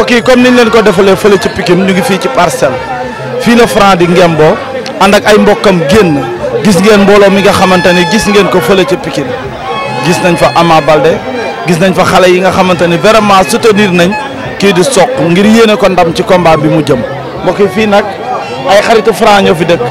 mbokk yi comme niñ leen ko defalee fële ci Pikine ñu ngi fii ci parcelle fii la Franc di ngemboo ànd ak ay mbokkam génn gis ngeen mbooloo mi nga xamante ni gis ngeen ko fële ci Pikine gis nañ fa Ama Balde gis nañ fa xale yi nga xamante ni vraiment soutenir nañ kii di soq ngir yéene ko ndam ci combat bi mu jëm mbokk yi fii nag ay xarit Franc ñoo fi dëkk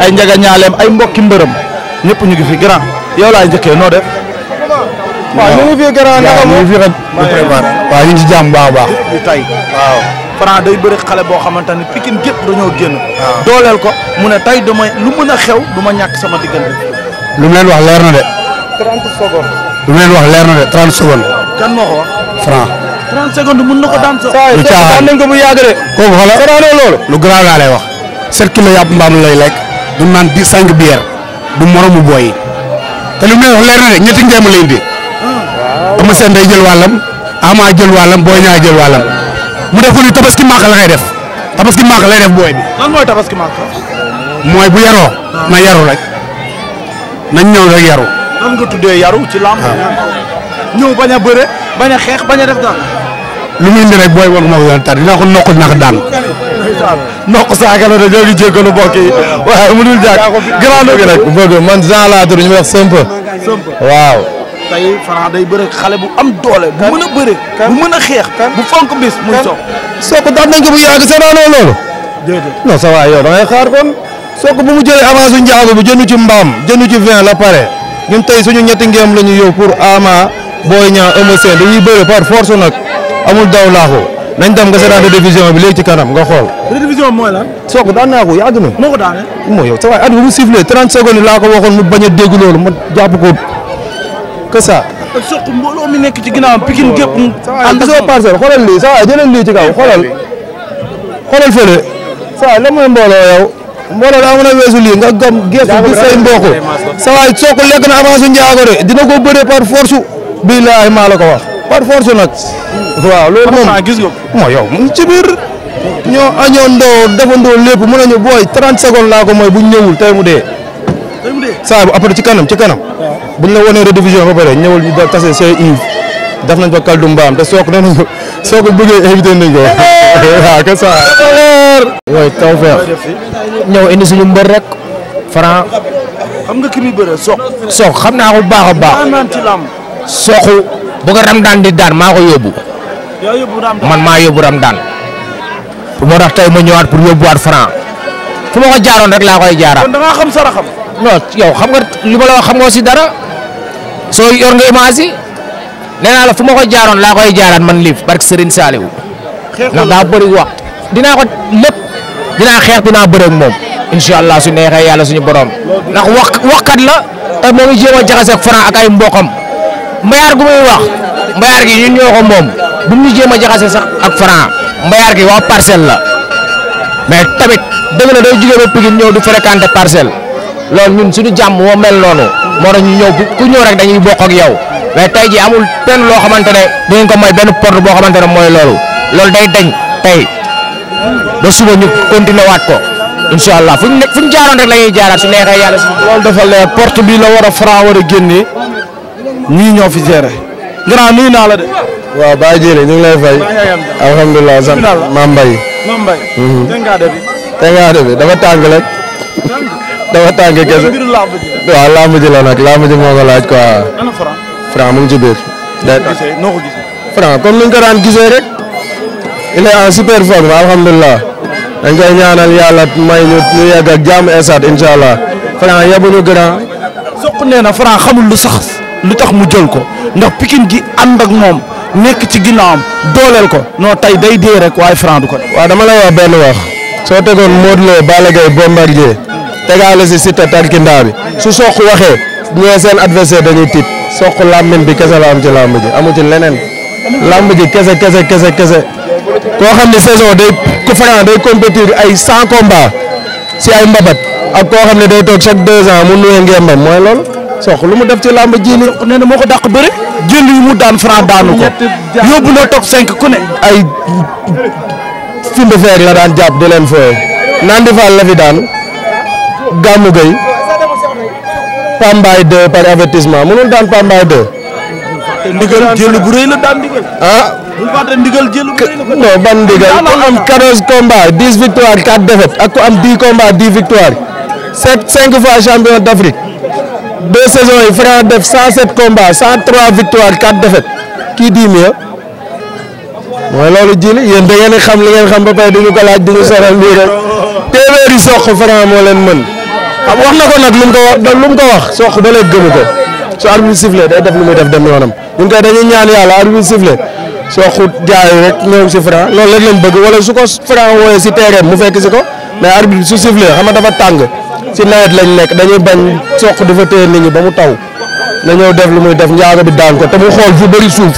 ay njaga ay mbokki mbërëm ñëpp ñu ngi fi grand yow laay njëkkee noo def. waaw ñu ngi fi gërëm baax a baax di day bëri xale boo xamante ni Pikine gépp dañoo génn dooleel ko mu ne tay damay lu mën a xew du ma ñàkk sama diggante lu mu leen wax leer na de 30 secondes lu leen wax leer na de 30 secondes kan moo ko wax Franc 30 secondes mën ko daan so nañ ko bu yàgg de kooku xoolal lu garaaw laa lay wax 7 kilos yàpp mbaam lay lekk du naan di 5 bière du moromu boy te lu mu leen wax leer na de ñetti ngeen lay bi Eumeu Sène day jël wàllam Ama jël wàllam Boy Niang jël wàllam mu def ni tabaski màq la koy def tabaski màq lay def booy bi. lan mooy tabaski màq. bu yaroo. na yaru rek nañ ñëw rek yaru. nan nga tuddee yaru ci làmb. Ah. ñëw bañ a bëre bañ a xeex bañ a def daan. lu muy indi rek booy boo ma ko doon tar dinaa ko nokku naka daan. nokku saaka la de ñoo ngi jéggalu mbokk yi waaye mënul jàkk. gannaaw nag man genre laa tudd ñu wax sëmp. waaw. tey Franc day bëre xale bu am doole. bu mën a bëre. bu mën a xeex. bu fonk bis muy soog. soog daan nañ ko bu yàgg sa daanoo loolu. déedéet non sa waay yow da ngay xaar kon. soog bu mu jëlee avance njaago bu jënd ci mbaam jënd ci vin la pare ñun tey suñu ñetti ngeem la ñu yow pour Ama Boy Niang Eumeu Sène dañuy bëre par force nag amul daw laaxu nañ dem nga seetaan révision bi léegi ci kanam nga xool. révision mooy lan. soog daan naa ko yàgg na. moo ko yow sa a que ça. soq mbooloo mi nekk ci ginnaaw Pikine gépp ànd ak soo parcelle xoolal lii saa jëlal lii ci kaw xoolal xoolal fële saa lan mooy mbooloo yow mbooloo daa mën a weesu lii nga gam geesu gis say mbokk sa waay soq lekk na avance njaago de dina ko bëree par force billaahi maa la ko wax par force nag waaw loolu moom gis nga moo yow mu ngi ci biir ñoo añoo ndoo defandoo lépp mën nañu booy 30 secondes laa ko mooy bu ñëwul tey mu dee saa bu après ci kanam ci kanam bu ñu la wonee redivision ba pare ñëwal ñu tase def nañ fa kaldu mbaam te sook nee nañu soo ko bëggee invité nañ ko waaw que ça. yooyu indi suñu mbër rek Franc. xam nga ki muy bëre xam naa ko bu baax a baax. soqu bu ko ram daan di daan maa ko yóbbu. man maa yóbbu ram daan. moo tax tey ma ñëwaat pour yóbbuwaat Franc. fu ma ko jaaroon rek laa koy jaaraat. yow xam nga li xam nga dara. soo yor nga image yi nee naa la fu ma ko jaaroon laa ko koy jaaraat man liif barke Serigne Saliou ndax daa bëri wax dinaa ko lépp dinaa xeex dinaa bëre moom incha allah su neexee yàlla suñu borom ndax wax waxkat la te moo ngi jéem a ak Franc ak ay mbokam mbayaar gu muy wax mbayaar gi ñun ñoo ko moom bu ñu jéem a jaxase sax ak Franc mbayaar gi wax parcelle la mais tamit dëgg la day jugee ba Pikine ñëw di fréquenter parcelle. loolu ñun suñu jàmm moo mel noonu moo tax ñu ñëw ku ñëw rek dañuy bokk ak yow mais tey ji amul benn loo xamante ne ñu ko may benn porte boo xamante ne mooy loolu loolu day dañ tey ba suba ñu continuer waat ko incha allah fu ñu ne fu ñu jaaroon rek la jaaraat su neexee yàlla si. loolu dafa leen porte bi la war a franc war a génnee ñii ñoo fi géré. grand nuyu naa la de. waaw Baye Diéli ñu ngi lay fay. alhamdulilah sant Mame Mbaye. Mame Mbaye. tënkaade mhm. bi. tënkaade bi dafa tàng rek. dama tàng kese waaw làmb ji la nag làmb ji moo ko laaj quoi. ana Franc. Franc mu ngi ci ko gisee. Franc comme en super forme alhamdulilah. dañ koy ñaanal yàlla may ñu ñu yegg ak jàmm esaat incha allah. soq nee na Franc lu sax lu tax mu jël ko ndax pikin gi ànd moom nekk ci ginnaawam dooleel ko non tey day dee waaye Franc du ko. waaw dama lay wax benn wax. soo tegoon Modou Lo Balla Gaye Bombardier tegaale si Siteu tànkindaa bi su soq waxee ñee seen adversaire dañuy tiit soq làmmiñ bi kese la am ci làmb ji amu ci leneen làmb ji kese kese kese kese koo xam ne saison day Franc day compétir ay cent combat si ay mbabat ak koo xam ne day toog chaque deux ans mu nuwee ngembam mooy lool soq lu mu def ci làmb ji ni nee na moo ko dàq bëre jënd yu mu daan Franc daanu ko yóbbu na toog cinq ku ne ay fin de fer la daan jàpp di leen fooye naan di la fi daan Gamou Gueye Pambaay 2 par avertissement mënul daan Pambaay 2. ndigal jël bu rëy la daan ndigal. ah bu fàtte ndigal jël bu rëy la. non ban ndigal ku am 14 combats 10 victoires 4 défaites ak ku am 10 combats 10 victoires 7 5 fois champion d'Afrique deux saisons yi Franc def 107 combats 103 victoires 4 défaites qui dit mieux. mooy loolu jili yéen da ngeen xam li ngeen xam ba pare duñu ko laaj duñu soral lii téeméeri soq franc moo leen mën xam wax na ko nag lu mu ko wax lu mu ko wax soq ba léegi gëmu ko su arbitre sifflé day def lu muy def dem yoonam ñun koy dañuy ñaan yàlla arbitre sifflé soq jaayu rek ñëw si franc bëgg wala su ko franc wooyee si terrain mu fekk si ko mais arbitre su sifflé xam nga dafa tàng si nawet lañ lekk dañuy bañ soq dafa téye nit ñi ba mu taw na ñëw def lu muy def njaago bi daan ko te mu xool fu bëri suuf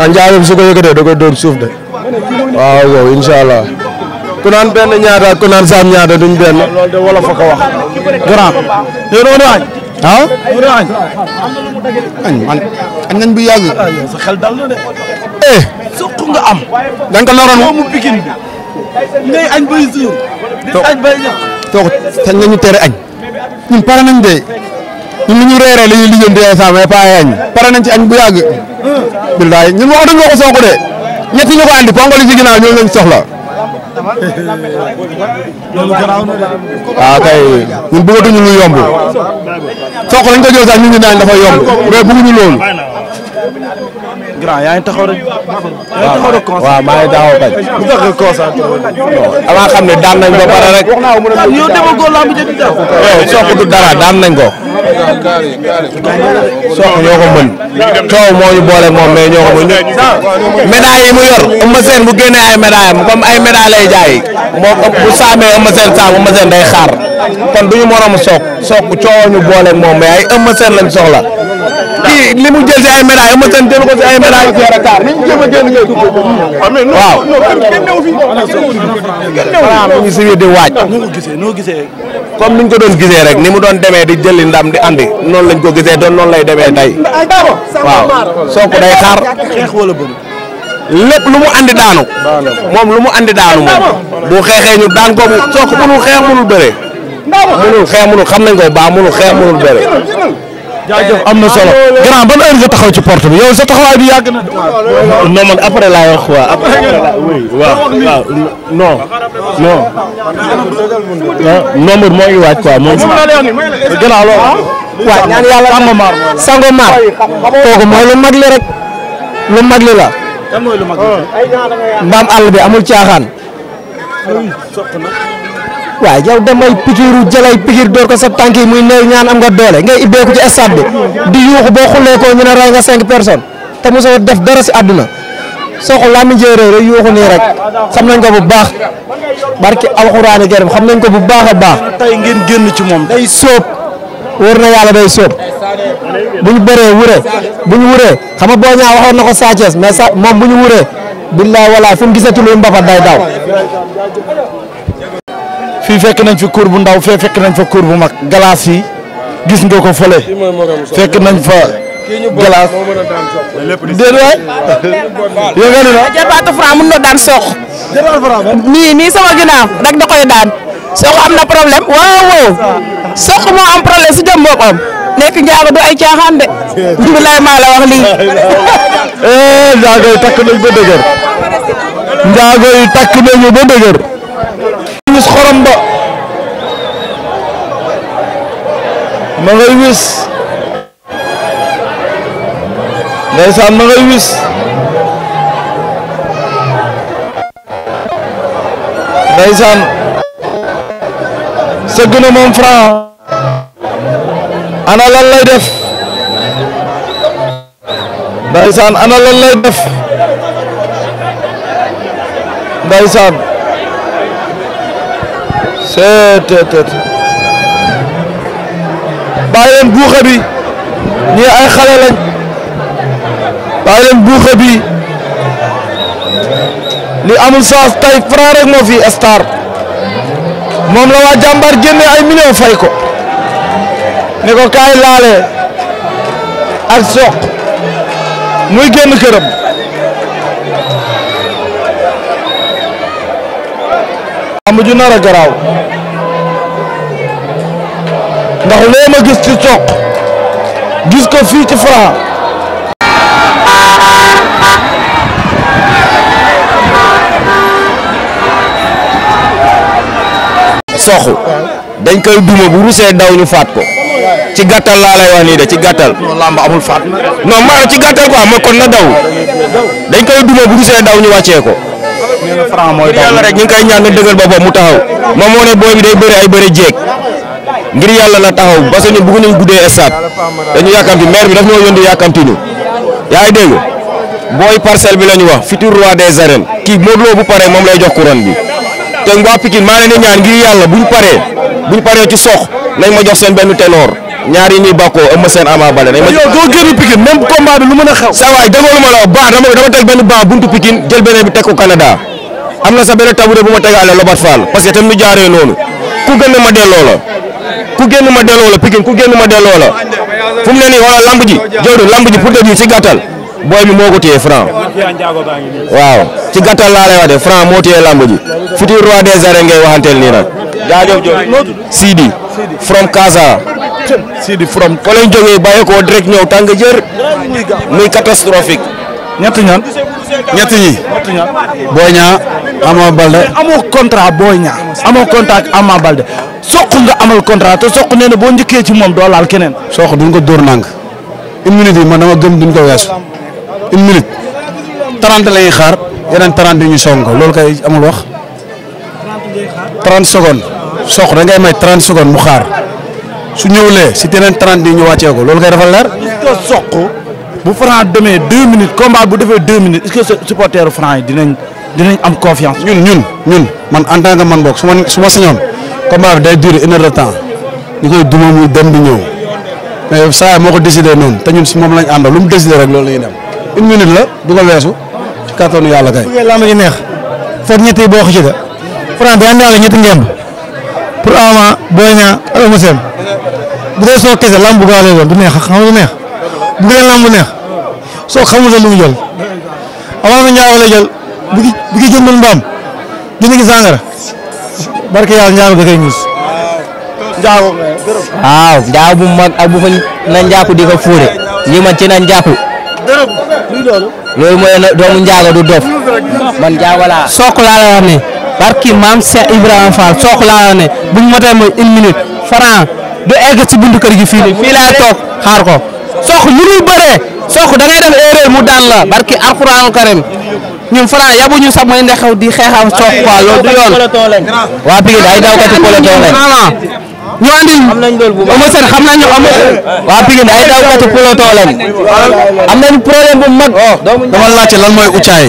ah njaago bi su ko yëkkatee da koy dóor suuf de waaw yow incha allah. ku naan benn ñaata ku naan saam ñaata duñ benn. loolu de wolof a ko wax. grand. yow doo doon añ. ah doo doon añ. añ man añ nañ bu yàgg. Ah, sa eh. nga am. da nga ko naroon doomu sañ nañu tere añ. ñun pare nañ de. ñun li ñu reeree li ñuy lijjanti ay saa mais pas ay añ. pare nañ ci añ bu yàgg. Ah. billaay ñun wax dëgg waxu Sonko de. ñett ñu ko andi pongo li ci ginnaaw soxla. waaw ah, kay ñun bëggatuñu lu yomb soq lañ ko jël sax ñu ngi naan dafa yomb mais bëgguñu loolu. grand yaa ngi taxaw rek. waaw waaw maa ngi daaw a bañ. bu tax nga ne daan nañ ko pare rek. yow du dara daan nañ ko. soq ñoo ko mën. coow moo ñu boole moom mais ñoo ko mën ñun. mu yor Eumeu Sène bu génnee ay médailles am comme ay médailles lay jaay moo ko bu saamee Eumeu Sène saam Eumeu day xaar kon du ñu moromu soq coow ñu boole moom mais ay Eumeu Sène soxla. kii li mu jël si ay médailles Eumeu Sène jël ko si ay médailles ah, waaw voilà si biir di waaj ah, comme ni ko doon gisee rek ni mu doon demee di jëli ndam di andi noonu lañ ko gisee doon noonu lay demee tey waaw soo ko day xaar lépp lu mu andi daanu moom lu mu andi daanu moom bu xeexee ñu daan ko soo ko mënul xeex mënul bëre mënul xeex mënul xam nañ ko baax mënul xeex mënul bëre jaajëf am na solo grand taxaw ci porte bi yow sa taxawaay bi yàgg na. non man après laa wax quoi après laa oui nombre moo waaj quoi moom. gannaaw loolu. waaw mooy lu mag rek lu mag la. mbaam àll bi amul caaxaan. waaw yow damay pikiiru jëlay pikiir door ko sa tànk muy néew ñaan am nga doole ngay ibbeeku ci stade bi di yuuxu boo xullee ko ñu ne rey nga cinq personnes te mosoo def dara si àdduna soo ko làmmi jëy réew rek yuuxu nii rek xam nañ ko bu baax barki alxuraani karim xam nañ ko bu baax a baax. tey ngeen génn ci moom day sóob wóor na yàlla day sóob bu ñu bëree wure bu ñu wuree xam nga boo ñaa waxoon na ko Sa Thiès mais sa moom bu ñu wuree billaay walaay fu mu gisatul mbapat day daw. fii fekk nañ fi cour bu ndaw fe fekk nañ fa cour bu mag glace yi gis nga ko fële fekk nañ fa glace déet waay yëngal na jabaatu Franc mën na daan Sokh nii nii sama ginnaaw rek da daan Sokh am na problème waaw waaw Sokh moo am problème si jëm boppam nekk njaago du ay caaxaan de bilaay maa la wax lii eh njaago yi takk nañ ba dëgër njaago yi takk nañu ba dëgër wis xorom ba ma ngay wis ndeysaan ma wis ndeysaan sëgg na moom ana lan lay def ndeysaan ana lan def seet seet bàyyi leen buuxa bi ñii ay xale lañ bàyyi leen buuxa bi li amul saas tay Franc rek moo fi star moom la waa jàmbaar génne ay millions fay ko ne ko kaay laale ak soq muy génn këram. lamb ju nar a garaaw ndax loo ma gis ci Sokh gis ko fii ci Franc Sokh dañ koy duma bu rusee daw ñu faat ko ci gàttal laa lay wax nii de ci gàttal. lamb amul faat ci gàttal quoi ma kon na daw dañ koy duma bu rusee daw ñu wàccee ko nee na franc mooy taxaw ngir yàlla rek ñu ngi koy ñaan nga dëggal boppam mu taxaw moom moo ne booy bi day bëri ay bëri jéeg ngir yàlla la taxaw parce que ñun bëgg nañ guddee stade dañu yàkkamti maire bi daf ñoo yónni yàkkamtuñu yaa ngi booy parcelle bi la ñu wax futur roi des arènes kii bu paree moom la jox couronne bi te waa Pikine maa leen di ñaan ngir yàlla buñ paree buñ paree ci sox nañ ma jox seen benn ténor ñaar yi ñuy bàkkoo am ma nañ ma. yow doo génn Pikine même combat bi lu mën a xew. saa waay déggoo lu ma la wax jël beneen bi teg ko Canada. am na sa benn tabure bu ma tegaale Lobat Fall parce que tam nu jaaree noonu ku gën ma delloo la ku génn ma delloo la Pikine ku génn ma delloo la fu mu ne nii wala lamb ji jooju lamb ji pour si ji ci gàttal booy bi moo ko téye franc waaw ci gàttal laa lay de franc moo téye lamb ji futur roi des arènes ngay waxanteel nii nag jaajëf jooju Sidi from Casa Sidi from fa lañ jógee bàyyi tàng jër muy catastrophique ñett ñan ñett ñi. Boy Niang Ama Balde. amoo contrat Boy Niang. amoo contrat ak Ama Balde soq nga amal contrat te soq nee na boo njëkkee ci moom doo laal keneen. soq duñ ko dóor nang une minute ma man dama gëm duñ ko weesu une minute trente la ñuy xaar yeneen trente yi ñu song ko loolu kay amul wax trente secondes soq da may trente secondes mu xaar su ñëwlee si yeneen trante yi ñu wàccee ko loolu kay dafa leer. bu Franc demee deux minutes combat bu defee deux minutes est-ce que supporteru Franc yi dinañ am confiance. ñun ñun man en tant que man boog su ma su ma sañoon combat bi day durer une heure de temps ñu koy duma muy dem di ñëw mais saa moo ko décidé noonu te ñun si moom lañ àndal lu mu décidé rek loolu la ñuy dem une minute la du ko weesu ci yàlla kay. bu ngeen làmb neex foog ñetti boo ko ci de Franc bi àndaale ñetti ngemb pour Ama Boy Niang ak Eumeu bu dee soo kese làmb bu bu gën a lamb neex soo xamul lu mu jël amaa na ñaar lay jël bu ki bu ki jëndul mbaam dina njaago waaw njaago bu di ko fuure lii ci na njàpp. loolu mooy doomu njaago du dof man njaago laa. barki maam Cheikh Ibrahima Fall sook laa la ne bu ñu une minute franc du egg ci kër gi fii nii fii ko. sox mënul bëree sox da ngay def erreur mu daan la barki alxuraanul karim ñun Franc yabuñu sax mooy ndax di xeexam sox a loolu du yoon waa Pikine ay dawkati peloton lañ ñu andil Eumeu Sène xam nañu amul waa Pikine ay dawkati peloton lañ am nañu problème bu mag oh, dama laajte lan mooy ucaay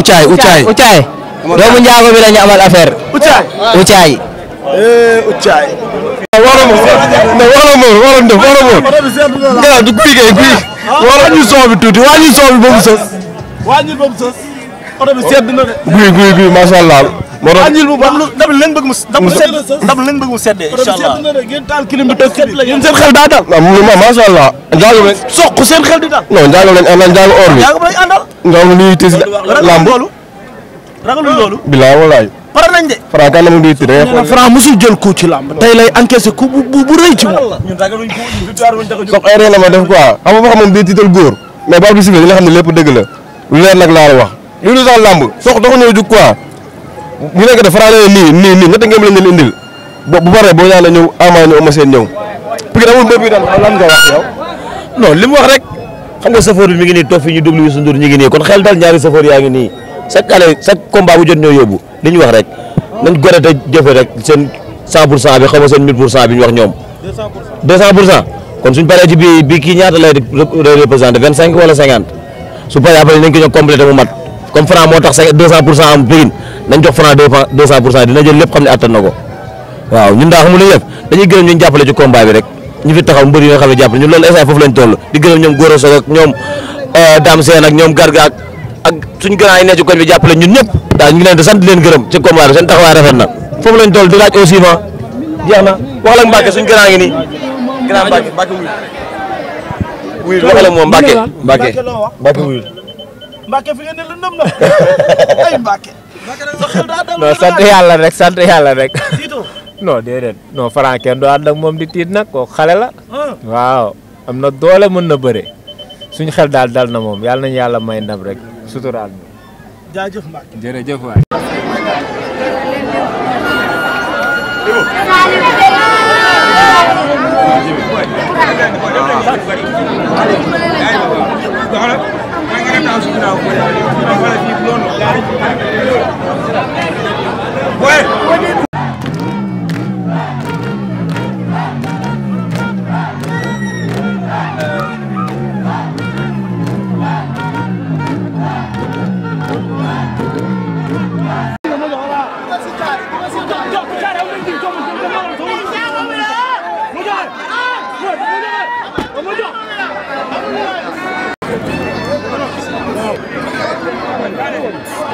ucaay ucaay ucaay doomu njaago bi lañu amal affaire ucaay waroon na waroon na waroon def waroon na gannaaw du guy kay guy waroon ñu soow bi tuuti waa ñu soow bi ba mu bi sedd na de. guy guy guy allah. moo tax wàññil bu mu ndam sedd ndam leen bëgg sedd incha allah ngeen taal clim bi toog sedd la xel di dal. non njaago leen àndal njaago or bi. njaago bi lañ àndal. njaago liy tiis lamb. ragalul loolu. pare nañ de. Franc kan la mu di tiré. Franc ci làmb tey lay encaissé bu bu rëy ci moom. sox erreur la ma def quoi xam nga boo xam ne day tiital góor mais ne lépp dëgg la lu leer nag laa la wax. li lu sax làmb sox doxu ñëw jug quoi ñu nekk de Franc nii nii nii bo boo ñaan la ñëw amaat seen ñëw. parce que amul mbër bi wax li mu wax rek xam nga chauffeur bi mi ngi nii toog fi ñu déglu Youssou Ndour ñu ngi nii kon xel dal ñaari chauffeur yaa ngi nii chaque année chaque combat bu jot ñoo yóbbu li ñu wax rek nañ gore te jëfe rek seen 100 pour cent bi xaw ma seen pour cent bi ñu wax ñoom. su paree après nañ ko ñëw complété mu mat comme franc moo tax 200 pour cent am Pikine nañ jox franc 200 pour cent lépp xam ne attan ko waaw ñun daa xamul lu ñuy def dañuy gërëm ñu jàppale ci combat bi rek ñu fi taxaw mbër yi xam ne jàppale ñun loolu instant foofu lañ toll di gërëm ñoom Gora Sock ñoom euh, Dame ak suñu grand yi ne ci koñ bi jàppale ñun ñëpp daal ñu leen di sant leen gërëm ci combat bi seen taxawaay rafet na foofu lañ toll di laaj aussi ma jeex na waxal ak Mbacke suñu grand yi nii grand Mbacke Mbacke wuyul sant yàlla rek sant yàlla rek non déedéet non Franc kenn du ànd moom di tiit nag kooku xale la ah. waaw am na doole mën na bëre suñ xel daal dal na moom yàlla nañu yàlla may ndam rek suturaal ñu. jaajëf Mbacke jërëjëf waay. Action!